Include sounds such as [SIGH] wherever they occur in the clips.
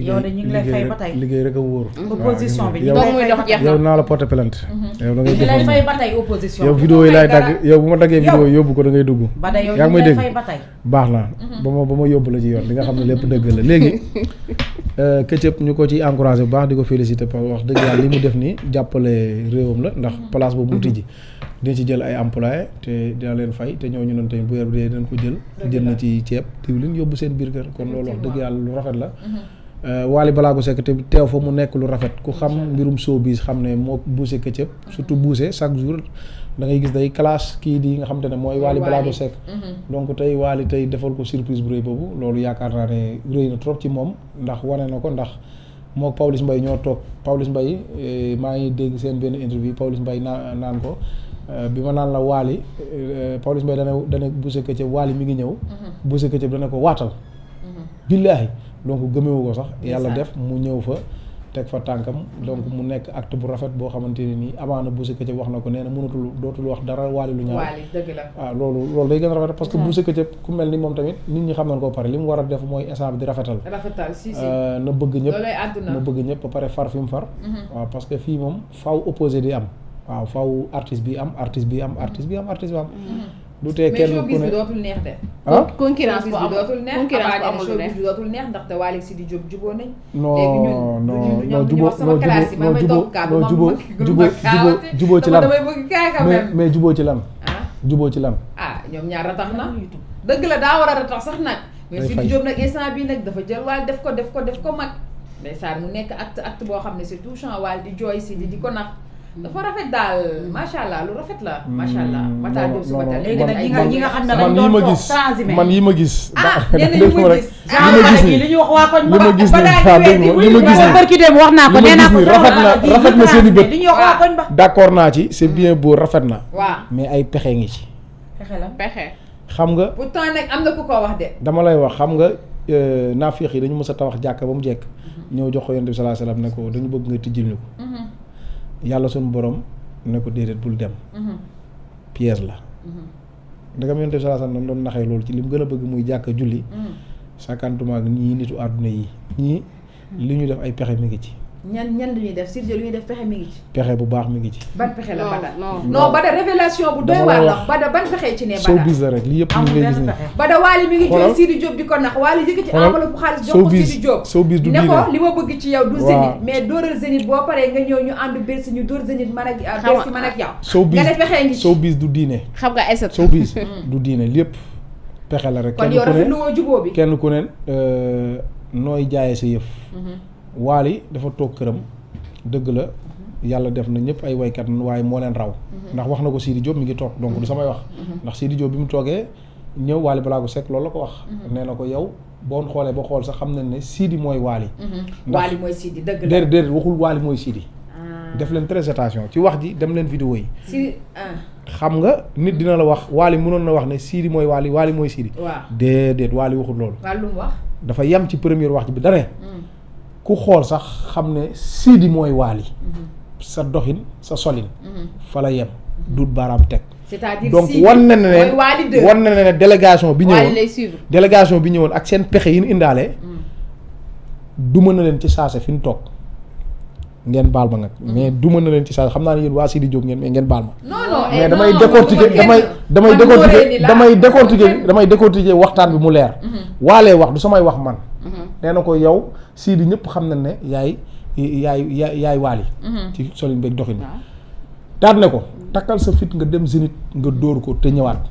yow de ñu ngi liggéey rek a wóor. Mhm. opposition bi yow yow naa la porte plainte. yow da ngay dugg lay fay yi laay dagg yow bu ma daggee vidéo yóbbu ko da ngay dugg. ba tey yow ñu ngi lay fay baax na mhm. ba ma ba ma yóbbu la ci yoon li nga xam ne lépp dëgg la léegi. [LAUGHS] Euh, Ketchup ñu ko ci encouragé bu baax di ko félicité parce que wax dëgg yàlla li mu def nii jàppale réewam la ndax mhm. place boobu mu ji dina ci jël ay employé te dina leen fay te ñooñu ñu tamit bu weer bi ko jël. jël na ci ceeb diwlin yóbbu seen biir kër kon loolu wax dëgg yàlla lu rafet la Euh, Wally Ballago Seck te teew fa mu nekk lu rafet ku xam mbirum showbiz xam ne moo buuse këccëb surtout buuse chaque jour da ngay gis day classe kii di nga xam te ne mooy Wally Ballago Seck mhm. donc tey Wally tey defal ko surprise bu rëy boobu loolu yaakaar naa ne rëy na trop ci moom ndax wane na ko ndax moo Pawlish Mbaye ñoo toog Pawlish Mbaye eh, maa ngi dégg seen benn interview Pawlish Mbaye naa naan ko euh, bi ma naan la Wally euh, Pawlish Mbaye dana dana buuse këccëb Wally mi ngi ñëw mhm. buuse këccëb dana ko waatal mhm. donc gëmewu ko sax yàlla def mu ñëw fa teg fa tànkam donc mu nekk acte bu rafet boo xamante ne nii amaana Boucher Ketchup wax na ko nee na mënatul dootul wax dara waali lu ñaaw waaw ah, loolu loolu day gën a rafet parce que Boucher Ketchup ku mel ni moom tamit nit ñi xam nañ ko pare li mu war a def mooy instant bi di rafetal euh, na bëgg ñëpp na bëgg ñëpp ba pare far fi mu far mhm. waaw parce que fii moom faaw opposé di am waaw faaw artiste bi am artiste bi am artiste bi am artiste mhm. du tee kenn ku ne mais showbiz bi dootul neex de. ah concurrence bu amul concurrence bu amul showbiz bi dootul neex ndaxte Waly Sidi Diop juboo nañ. léegi ñun ñun sama classe yi man ma toog kàddu ma juboo ci lan damay bëgg kaay mais juboo ci lan. Ah? juboo ci lan. ah ñoom ñaar ratax na. dëgg la daa war a ratax sax nag. mais Sidi Diop nag instant bii nag dafa jël Waly def ko def ko def ko mag. ndeysaan mu nekk at acte boo xam ne c'est touchant Waly di jooy Sidi di ko nax dafa rafet daal macha allah lu rafet la. macha allah macha allah suba teel léegi nag ñi nga ñi nga xam ne dañ doon toog transhumé man yi ma gis. ah [LAUGHS] nee na ñu ma gis li ñu wax waa koñ ma gis li ma gis barki dem wax naa ko nee naa ko rafet na rafet na seen i bët li ñu wax waa ah. koñ ba d'accord naa ci c'est hmm. bien beau rafet na. waaw mais ay pexe ngi ci. pexe la pexe. xam nga pourtant nag am na ku ko wax de. dama lay wax xam nga euh, naafiq yi dañu mës a tabax jàkka ba mu jekk hmm. ñëw jox ko yonent bi sallallahu alayhi wasallam ne ko dañu bëgg nga tijjil ñu ko hmm. yàlla suñu borom ne ko déedéet bul dem. Mhm. piège la. Mhm. ndegam yonent bi na alayhi wasallam doon naxee loolu ci li mu gën a bëgg muy jàkk julli. Mhm. sàkkantuma ak ñii nitu àdduna yi. ñii li ñu def ay pexe mi ngi ci. ñan ñan dañuy def Siré lu ñuy def pexe mi ngi ci. pexe bu baax mi ngi ci. ban pexe la Bada. non bu doy waar la Bada ban pexe ci ne Bada. showbiz la rek lii yëpp ñu ngi lay gis ne. ko nax Waly yëkkati enveloppe du ne li ma bëgg ci yow du Zénith. mais dóoral boo paree nga ñëw ñu ànd Bercy ñu du diine. xam nga ay sët showbiz du diine lépp pexe la rek. kon yow rafetlu woo bi kenn ku ne euh, nooy jaayee sa yëf mhm. Waly dafa toog këram dëgg la yàlla def na ñëpp ay waykat waaye moo leen raw mhm. ndax wax na ko Sidi Diop mi ngi toog donc du samay wax mhm. ndax Sidi Diop bi mu toogee ñëw Waly Balago Seck loolu la ko wax mhm. nee na ko yow boo xoolee ba xool sax xam nañ ne Sidi mooy Waly Waly mooy Sidi dëgg la déedéet déedéet waxul mooy Sidi ah. def leen très ci wax ji dem leen vidéo yi ah. xam nga nit dina la wax Waly mënoon na wax ne Sidi mooy Waly Waly mooy Sidi déedéet Waly waxul loolu dafa yem ci première wax ji bi dane mm. ku xool sax xam ne siidi mooy Waly mm-hmm. sa doxin sa solin mm-hmm. fa la yem dut baaraam teg donc wan na ne wan na ne délégation bi ñëwoon délégation bi ñëwoon ak seen pexe yi ñu indaale mm. du mën na leen ci saase fi ñu toog ngeen baal ma nag mais mm-hmm. du mën na leen ci saase xam naa ne yéen waa Sidi Diop ngeen mais ngeen baal ma mais damay décortiquer damay damay décortiquer damay décortiquer damay décortiquer waxtaan bi mu leer waalee wax du samay wax man Mm-hmm. nee na ko yow di ñëpp xam na ne yaay yaay yaay yaay waali mm-hmm. ci solin beeg doxin daat ne ko takkal sa fit nga dem Zénith nga dóor ko te ñëwaat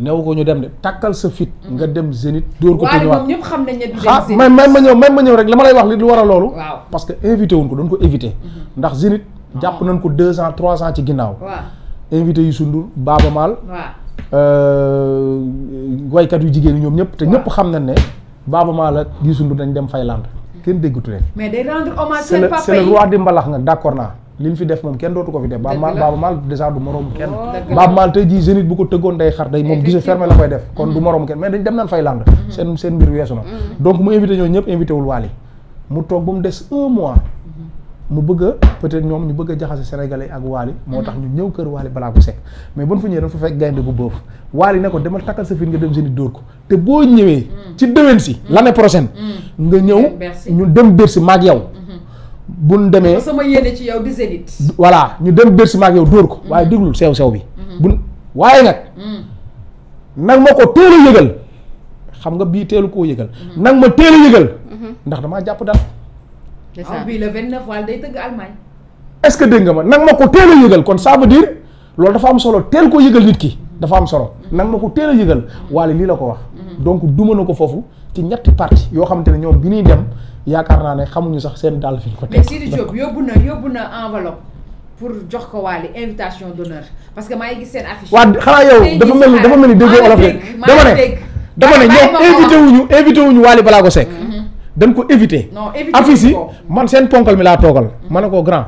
new ko ñu dem ne takkal sa fit mm-hmm. nga dem Zénith dóor ko te ñëwaat ñëpp xam nañ ne du dem Zénith même ma ñëw même ma ñëw rek la ma lay wax li lu war loolu parce que invité wuñ ko doon ko éviter ndax Zénith oh. jàpp nañ ko deux ans trois ans ci ginnaaw invité yu sundur Baaba Maal euh, waykat yu jigéen ñi ñoom ñëpp te ñëpp xam nañ ne Baaba Maal gisul dañ dem Fayland kenn déggatu leen. mais day rendre hommage seen papa yi c'est le roi di mbalax nga d'accord naa. li mu fi def moom kenn dootu ko fi def. Baaba Maal Baaba Maal déjà du moroom kenn. Oh, Baaba Maal tey jii Zénith bu ko tëggoon day xar day moom gise fermé la koy def. kon du mm-hmm. moroom kenn mais dañ dem naan Fayland. Mm-hmm. seen seen mbir weesu na. Mm-hmm. donc mu invité ñooñu ñëpp invité wul Wally mu toog ba mu des un mois. mu bëgg a être ñoom ñu bëgg a jaxase sénégalais ak waali moo tax ñu ñëw kër waali balaa ko sekk mais bon fu ñëwee dafa fekk gaynde bu boof waali ne ko demal takkal sa fiir nga dem seeni i dóor ko te boo ñëwee ci déwén si mm. l'année prochaine mm. nga ñëw ñu dem Bercy maag yow mm-hmm. buñ demee sama yéene ci yow di zénith voilà ñu dem Bercy maak yow dóor ko mm. waaye déglul seew sew bi mm-hmm. bun waaye nag nag ma ko teel a yëgal xam nga bii teelu koo yëgal mm-hmm. nag ma teel a yëgal ndax damaa jàpp dal bii ah, le 29 wala day tëgg Allemagne. est-ce que dégg nga ma nag ma ko teel a yëgal kon ça veut dire loolu dafa am solo teel koo yëgal nit ki dafa am solo nag ma ko teel a yëgal waale lii la ko wax. Mhm. donc duma na ko foofu ci ñetti parti yoo xamante ne ñoom bi ñuy dem yaakaar naa ne xamuñu sax seen dàll fi ñu ko teg. mais yóbbu na yóbbu na enveloppe pour jox ko waale invitation d'honneur parce que maa ngi gis seen affiche. waaw xanaa yow dafa mel ni dafa mel ni déggoo olof rek dama ne dama ne ñoom invité wuñu invité balaa ko sekk mhm. dañ ko éviter. non éviter affiche yi man seen ponkal mi laa toogal. Mm-hmm. ma ne ko grand.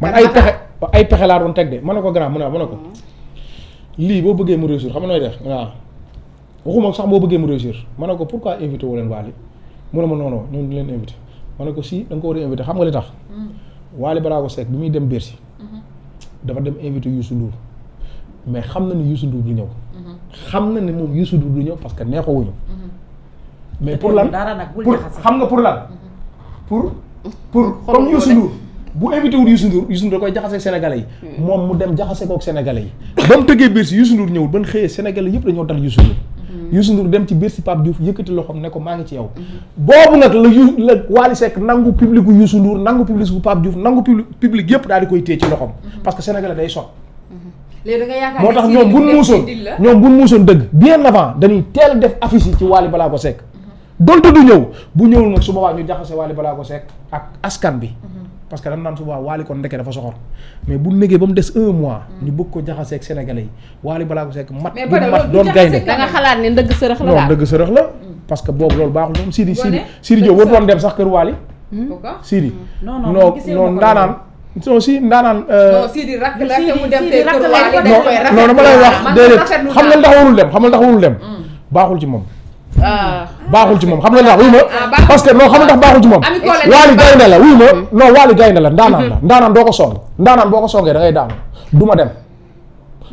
man ay pexe ay pexe laa doon teg de ma ne ko grand man ne ma ne ko. Mm-hmm. lii boo bëggee mu réussir xam nga nooy def waaw waxuma sax boo bëggee mu réussir ma ne ko pourquoi invité wu leen Wally mu ne ma non non leen invité ma ne ko si da nga ko war a invité xam nga li tax. Mm-hmm. Wally Ballago Seck bi muy dem Bercy. dafa dem invité Youssou Ndour mais xam na ni Youssou Ndour du ñëw. xam na ni moom Youssou Ndour ñëw parce que neexoo mais pour lan pour xam nga pour lan pour pour comme Youssou Ndour bu invité wul Youssou Ndour Youssou Ndour da koy jaxase sénégalais yi moom mu dem jaxase kook sénégalais yi ba mu tëggee biir si Youssou Ndour ñëwul ban xëyee sénégalais yëpp dañoo dal Youssou Ndour mhm. Youssou Ndour dem ci biir si Pape Diouf yëkkati loxoom ne ko maa ngi ci yow mhm. boobu nag la yu la nangu public gu Youssou Ndour nangu public gu Pape Diouf nangu public yëpp daal di koy téye ci loxoom mhm. parce que sénégalais day sot da nga moo tax ñoom buñ muusoon ñoom buñ muusoon dëgg bien avant dañuy teel def affiche ci Wally balaa ko Seck donte du ñëw bu ñëwul nag su boobaa ñu jaxase Wally ko Seck ak askan bi. Mhm. parce que dañ naan su boobaa kon ndeke dafa soxor mais bu négee ba mu des un mois. Mhm. ñu bëgg ko jaxase ak sénégalais yi Wally Ballago Seck mat. bu mat doon gaynde da xalaat ne ndëgg sërëx la non ndëgg sërëx mhm. parce que boobu loolu baaxul moom Sidi Sidi Sidi Diop warutoon dem sax kër Wally. Sidi. non noo non ndaanaan. soo si ndaanaan. Euh, non Sidi rakk la te mu dem tey kër Wally. non non wax déedéet xam nga ndax warul dem xam nga ndax warul dem baaxul ci moom Euh, baaxul ci moom xam nga ndax wuy ma ah, parce que non xam nga ndax baaxul ci moom waali gaynde la wuy ma hmm. non waali gaynde la ndaanaan la ndaanaan doo ko song ndaanaan boo ko songee da ngay daanu ma dem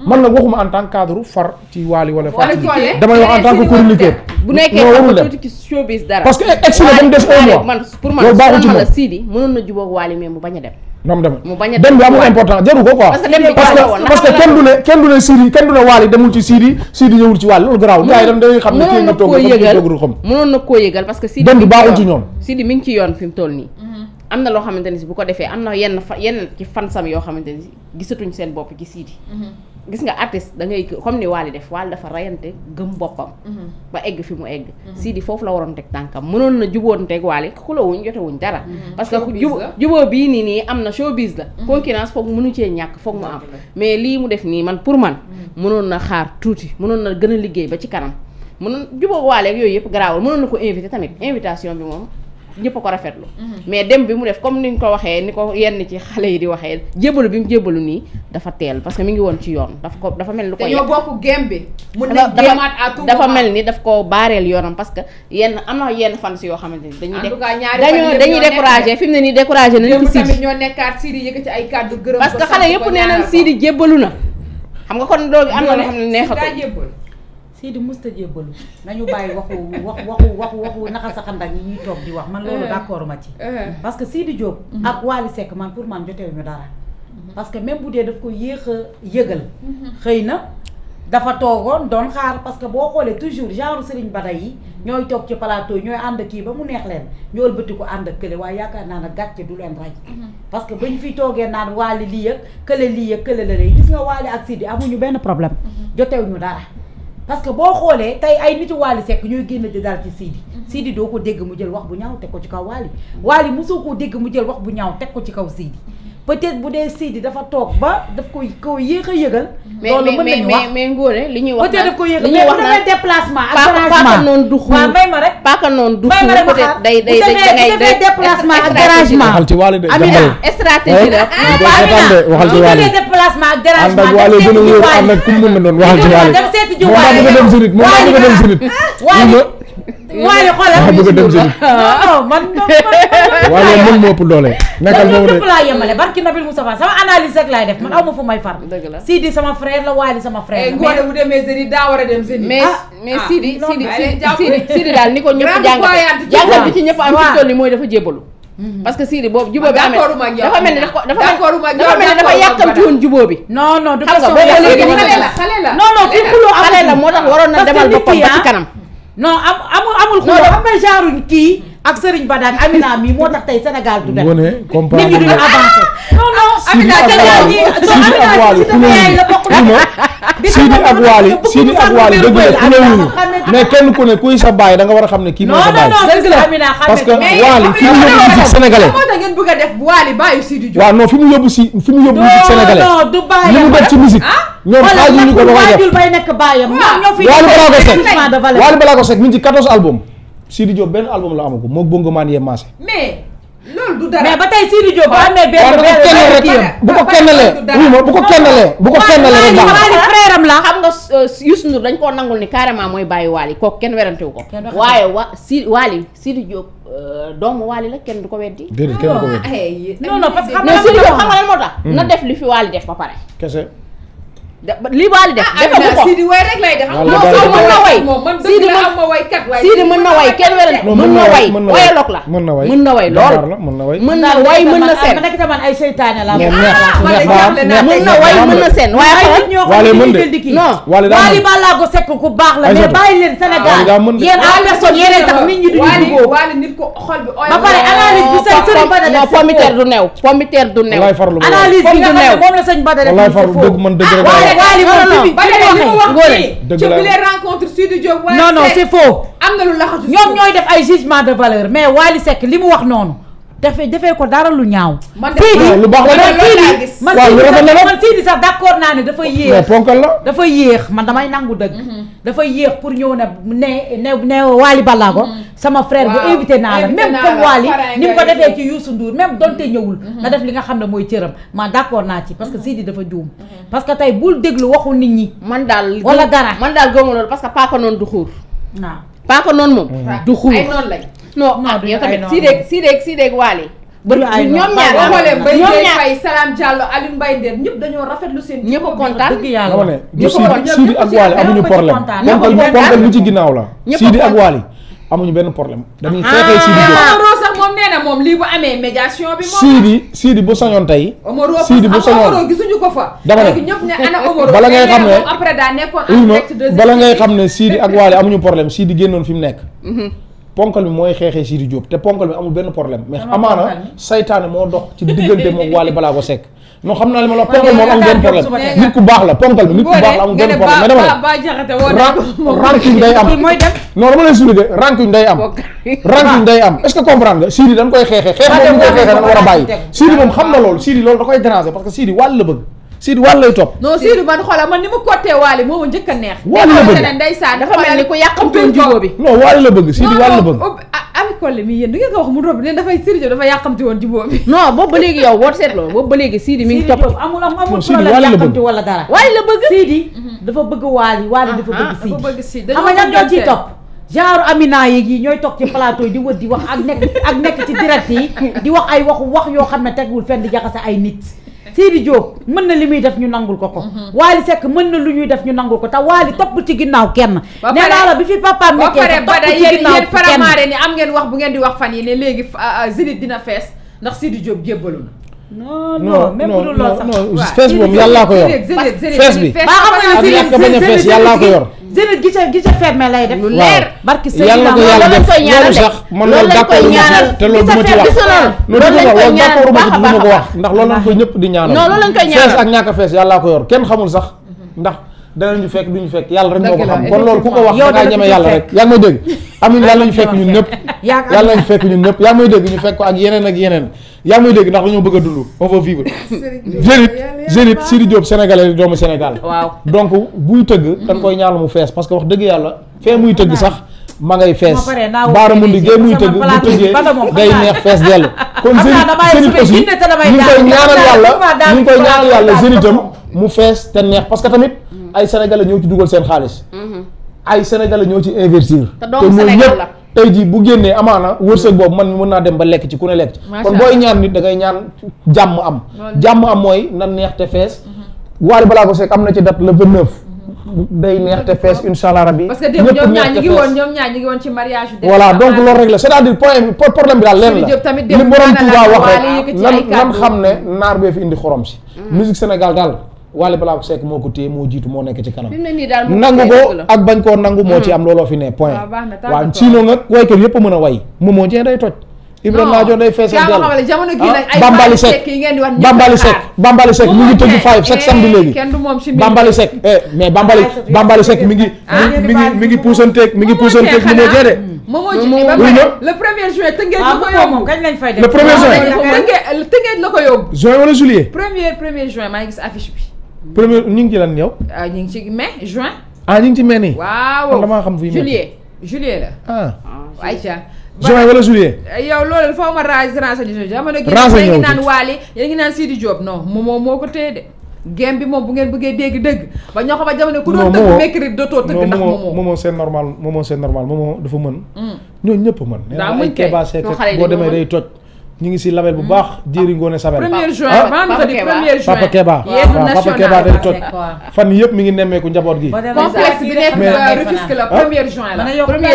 man nag waxuma en tant que cadre far ci waali wala far damay wax en tant que chroniqueur bu nekkee xam nga tuuti ci showbiz dara parce que ex la dem des un mois man pour man baaxul la Sidi mënoon na jubóog waali mais mu bañ a dem nam dem dem bi amul important jaru ko quoi parce que parce que kenn du ne kenn du ne Sidi kenn du ne waali demul ci Sidi Sidi ñëwul ci waali loolu garaaw gars yi dem dañuy xam ne kii nga toog dogru xam mënoon na koo yëgal parce que Sidi dem bi baaxul ci ñoom Sidi mi ngi ci yoon fi mu toll nii mhm. am na loo xamante ni si bu ko defee am na yenn yenn ci fansam yoo xamante ni si gisatuñ seen bopp ci Sidi mhm. gis nga artiste da ngay comme ni Wally def Wally dafa rayante gëm boppam. Mhm. ba egg fi mu egg. Mhm. Sidi foofu la waroon teg tànkam mënoon na juboonteeg Wally xulawuñ jotewuñ dara. Mhm. parce que jub juboo bii nii nii am na showbiz la. concurrence foog mënu cee ñàkk foog mu am. mais lii mu def nii man pour man. mënoon na xaar tuuti mënoon na gën a liggéey ba ci kanam. mënoon juboo Wally ak yooyu yëpp garaawul mënoon na ko invité tamit invitation bi moom. ñëpp a ko rafetlu. Mhm. mais dem bi mu def comme ni ñu ko waxee ni ko yenn ci xale yi di waxee jébalu bi mu jébalu nii dafa teel parce que mi ngi woon ci yoon daf ko dafa mel ni ko. yegg dañoo bokk gem bi. dafa mel ni daf ko baareel yoonam parce que yenn am na yenn fans yoo xamante ni dañuy. en tout cas ñaari fan yëpp dañuy ne nii découragé nañu ci Sidi. ñoo nekkaat Sidi yëkkati que xale yëpp nee nañ Sidi jébalu na xam nga kon loolu am na loo xam ne neexatul Sidi musta jébbalu nañu bàyyi waxu wax waxu waxu waxu naxa saxandak yi ñuy toog di wax man loolu eh. d'accord ma ci eh. parce que Sidi Diop mm-hmm. ak Wally Seck man pour man ñu dara mm-hmm. parce que même bu dee daf ko yéex a yëgal mm-hmm. xëy na dafa toogoon doon xaar parce que boo xoolee toujours genre Serigne Bada yi ñooy toog ci palaato plateau ñooy ànd kii ba mu neex leen ñu ëlbati ko ànd ak kële waaye yaakaar naa ne gàcce du leen raj parce que bañ fi toogee naan Wally lii yëg kële lii yëg kële la lay gis nga Wally ak Sidi amuñu benn problème jotewuñu dara parce que boo xoolee tey ay niti Wally Seck ñooy génn di daal ci Sidi mhm. Sidi doo ko dégg mu jël wax bu ñaaw teg ko ci kaw Wally Wally mosoo koo dégg mu jël wax bu ñaaw teg ko ci kaw Sidi mhm. peut bu dee Sidi dafa toog ba daf ko ko yéex a yëgal. loolu mais mais Ngoré li ñuy wax peut-être daf ko yéex a mais bu demee déplacement. ak garagement paaka noonu du waxal ci wàllu moom daal di nga dem si nit moom daal di nga dem si nit. waale xoolal waaw a dem ëpp doole. nekkal foofu de laa yemale barki Nabil Moustapha sama analyse laay def man aw ma may far. dëgg la sama frère la waale sama frère mais eh, bu demee Sidi daa war a dem ah, ah. Sidi. daal ni ko ñëpp jàngat jàngat bi ci ñëpp am ci tool yi mooy dafa jébalu. Mhm. parce que Sidi boobu jubóo bi amee dafa mel ni dafa mel ni dafa bi. non non du question xale la non la moo tax waroon na demal boppam ba ci ah kanam non am amul amul. xuloo am na genre kii. ak Serigne Badane Amina mii moo tax tey Sénégal du dem. ngoone comprendre ak Waly ah, Sidi ak Waly dëgg la ku ne wuñu mais kenn ku ne kuy sa baay da nga war a xam ne kii mooy sa baay. parce que Waly fi mu yóbbu musique sénégalais. waaw non fi mu yóbbu si fi mu yóbbu musique li mu def ci musique. Ah? ñoom xaajuñu ko ba koy def Waly Balago Seck Waly Balago Seck mi ngi ci album Sidi Diop benn album la amagu moog Bongo Man yee maase. mais loolu du dara. mais ba tey Sidi Diop. waaw bu ko kennalee bu ko kennalee bu ko kennalee rek. frère am la xam nga euh, Youssou Ndour dañ koo nangul ni carrément mooy bàyyi Waly kooku kenn werante wu ko. waaye wa si Waly Sidi Diop euh, doomu Waly la kenn du ko weddi. déedéet kenn du ko weddi. non non parce que xam nga lan moo tax. Hmm. na def li fi Waly def ba pare. kese. li Wally def ah, defagu ko Sidi way rek lay def non mën na way Sidi mën na way kenn wéral mën na way wayalook la mën na way mën na way lool mën na way mën na way mën na seen ah, man man ay seytaane la ah, mën na way mën na seen waaye Wally mën de non Wally Ballago Seck ku baax la mais bàyyi leen aa yéen à personne yéen tax nit ñi duñu dugoo Wally nit ko xol bi ba pare analyse bi sëñ sëñ Bada def pommitaire du neew pommitaire du neew analyse bi nga xam ne moom la sëñ Bada def wallaay farlu dëgg man dëgg non non c'est faux am na lu laxatu ñoom ñooy def ay jugement de valeur mais Wally sekk li mu wax noonu dafay defee ko dara lu ñaaw. man lu baax la man Sidi sax d'accord naa ne dafa yéex. ponkal la dafa yéex man damay nangu dëgg. Mhm. dafa yéex pour ñëw ne ne ne Waly Balago. Mhm. sama frère bu invité naa la même comme Waly ni mu ko defee ci Youssou Ndour même donte mhm. ñëwul. na def li nga xam ne mooy cëram maa d'accord naa ci parce que Sidi dafa juum. parce que tey bul déglu waxul nit ñi. man daal wala dara man daal gëmu loolu parce que paaka noon du xuur. waaw paaka noonu moom. du xuur ay non ah yow tamit Sidek Sidek Sidek dañoo rafetlu seen. ñëpp a kontaan dëgg yàlla ma ne Sidi ak Waly amuñu problème. ñëpp a kontaan ponkal mu ci ginnaaw la. Sidi ak Waly amuñu benn problème. dañuy ah, feexee Sidi Diop sax moom nee na moom lii bu amee médiation bi. moom bu sañoon tey. bu sañoon ko fa. dama ne ñëpp ne ana Omaro bala ngay xam ne après daa ak Waly amuñu problème Sidi génnoon fi mu nekk mhm. ponkal bi mooy xeexee Sidi Diop te ponkal bi amul benn problème mais amaana saytaane moo dox ci diggante moom Wally Ballago Seck non xam naa li ma la ponkal moom nit ku baax la ponkal bi nit ku baax la amul benn problème mais dama ne ranking day am non dama lay souligner ranking day am ranking day am est-ce que comprendre nga koy xeexee xeex moom ñu koy xeexee dañ war a bàyyi Sidi moom xam na loolu Sidi loolu da koy déranger parce que Sidi Sidi Wally lay topp. non Sidi man xoolal man ni mu côté Wally moo ma njëkk neex. Wally la bëgg ndeysaan dafa mel ni ku yàqamtoon jubóo bi. non Wally la bëgg Sidi Wally la bëgg. Ah, ah, Ami Collé mi yéen da ngeen ko wax mu rob ne dafay Sidi Diop dafa yàqamti woon jubóo bi. non ngi topp. amul amul problème yàqamti wala dara. Wally la bëgg Sidi. Mhm. dafa bëgg Wally Wally ah, dafa bëgg Sidi. xam nga ñoo ciy topp. genre Amina yeeg yi ñooy toog ci plateau yi di wër di wax ak nekk ak nekk ci direct yi di wax ay waxu wax yoo xam ne tegwul fenn di jaxase ay nit Sidi Diop mën na li muy def ñu nangul ko ko mhm. Waly sekk mën na lu ñuy def ñu nangul ko te Waly topp ci ginnaaw kenn nee naa la bi fi papaam nekkee topp ci ginnaaw kenn faramaare ni am ngeen wax bu ngeen di wax fan yi ne léegi euh, Zénith dina fees ndax Sidi Diop jébbalu na non non même bu dul sax fees moom yàllaa ko yor fees bi baa xam nga ne fees yàllaa ko yor zénith gi ca gi ca fermé lay def. lu leer barki sëñ bi ko yàlla loolu sax man loolu d'accord te loolu du ma ci ko wax ndax loolu lañ ñëpp di ñaanal. non loolu lañ koy ñaanal fees ko yor kenn xamul sax ndax danañu fekk duñu fekk yàlla rek moo ko xam kon loolu ku ko wax dangaa ñeme yàlla rek yaa ngi may dégg amin yàlla fekk ñun ñëpp yàlla ñu fekk ñun ñëpp yaa mooy dégg ñu fekk ko ak yeneen ak yeneen yaa muy dégg ndax dañoo bëgg a dund on veut vivre Zénith Zénith Sidi Diop sénégalais doomu Sénégal waaw buy tëgg dañ koy ñaanal mu fees parce que wax dëgg yàlla fee muy tëgg sax ma ngay fees baara mundi gee muy tëgg bu tëggee day neex fees dellu kon Zénith Zénith ñu ngi koy ñaanal yàlla ñu ngi mu fees te neex parce que tamit mm-hmm. ay sénégalais ñoo ci dugal seen xaalis mm-hmm. ay sénégalais ñoo ci invertir te mooy ñëpp tey jii bu génnee amaana wërsëg boobu man mën naa dem ba lekk ci ku ne lekk ci kon booy ñaan nit da ngay ñaan jàmm am jàmm am mooy nan neex te fees waali balaa ko seek am na ci date le vingt neuf day neex te fees incha allah rabi parce que démb ñoom ñaar ñi ngi woon mariage voilà donc loolu rek la c'est-à-dire point problème bi daal leen la li borom Touba wax rek nan nan xam ne naar bee fi indi xorom si mm. musique Sénégal daal Wally Ballago Seck moo ko téye moo jiitu moo nekk ci kanam nangu ko ak bañ koo nangu moo ci hmm. am looloo fi ne point waaw sinon nag waykat yëpp mën a way Momo Dieng day toj Ibrahima Madior day fees del ah, Bambali Seck Bambali ngi tëgg five chaque samedi léegi Bambali Seck mais Bambali Bambali Seck mi ngi eh, mi mi ngi puusanteeg mi ngi puusanteeg Momo Dieng de hmm. Momo Dieng ba le premier ah, la ko yóbbu kañ lañ fay premier juin tëngeej la wala juillet premier premier juin maa ngi gis affiche bi premier ñu ngi ci lan yow. ah ñu ngi ci mais juin. ah ñu ngi ci mai nii. waaw damaa xam fuy juillet juillet la. ah ayca. Ah, juin wala juillet. Eh, yow loolu foo ma ra renseigné jamono gi. renseigné wu ngi naan Waly yéen ngi naan Sidi Diop non moom moo ko téye de. game bi moom bu ngeen bëggee dégg dëgg ba ñoo xam ne jamono ku doon tëgg mécrit dootoo tëgg ndax moomoo moomoo c'est normal moomoo c'est dafa mën mm. ñooñu ñëpp mën nee naa ay Keba Seck demee day toj ñu ngi si label bu baax Diéri Ngoné Sabel. premier juin vendredi premier juin Papa Keba waaw Papa Keba day toj fan yëpp mi ngi nemmeeku njaboot gi. complexe